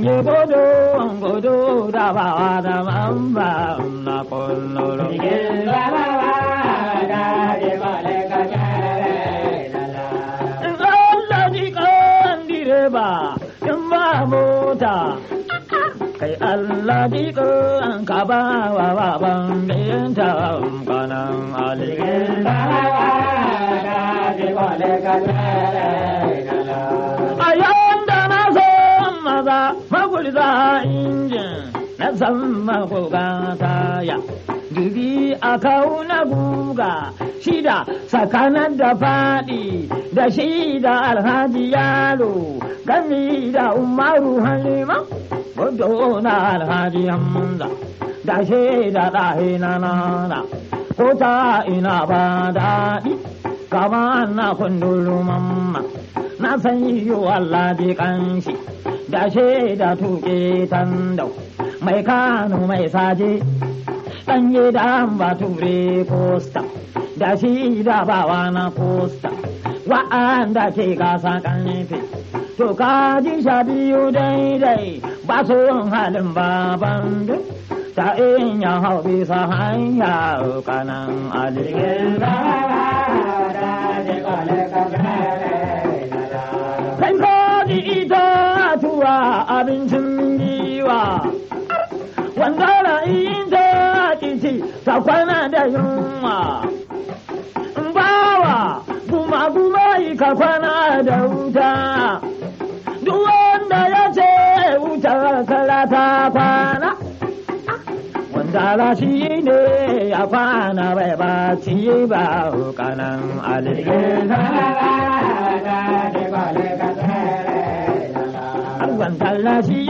Nye godo, godo, da ba wa da mamba, um, um, na polnolo. Nye la ba ka ba, in ba mota. Kai Allah di an ka ba wa wa ban binta kanan ali. da ka kare la na zama gogata ya dubi a kauna guga shida tsakanin da faɗi da shida alhaji yalo gami da umaru halima gudu na alhaji hamza da shida da na nana ko ta ina ba daɗi kama na kundulu mamma na san yi alhaji kanshi da shida tuke tandau mai kano mai saje ɗanye da ture kosta da shi da wa na kosta wa'anda ke gasa ƙarfe to ka ji sha biyu daidai ba su yin halin baban duk ta in ya hau bisa hanya kanan alirgin ba da wangara in ta kici ta da yunwa mbawa kuma kuma yi ka da wuta duk wanda ya ce wuta kala ta kwana Dala shi ne ya kwana bai ba ci ba kanan alilai. Allah shi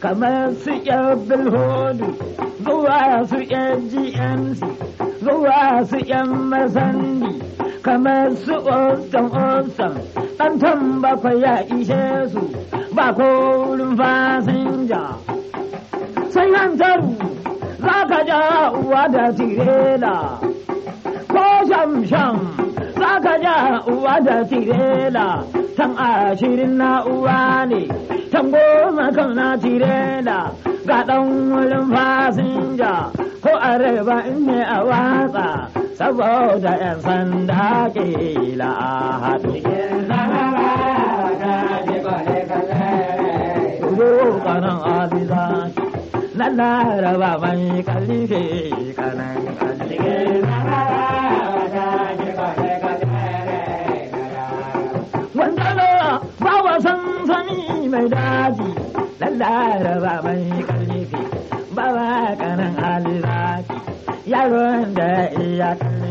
kamar su yan bilhodu zuwa su yan gmc zuwa su yan masandi kamar su otan otan ɗantan bakwai ya ishe su ba ko wurin fasinja sai hantar za ka ja uwa da tirela ko sham sham uwa da tirela tan ashirin na uwa ne tan goma kan na tirela ga ɗan wurin fasinja ko araba in ne a watsa saboda 'yan sanda kila a haɗu. na laraba mai kalife kanan kalife mai daji lallara ba mai karnifi ba ba kanan hali yaro da iya karnifi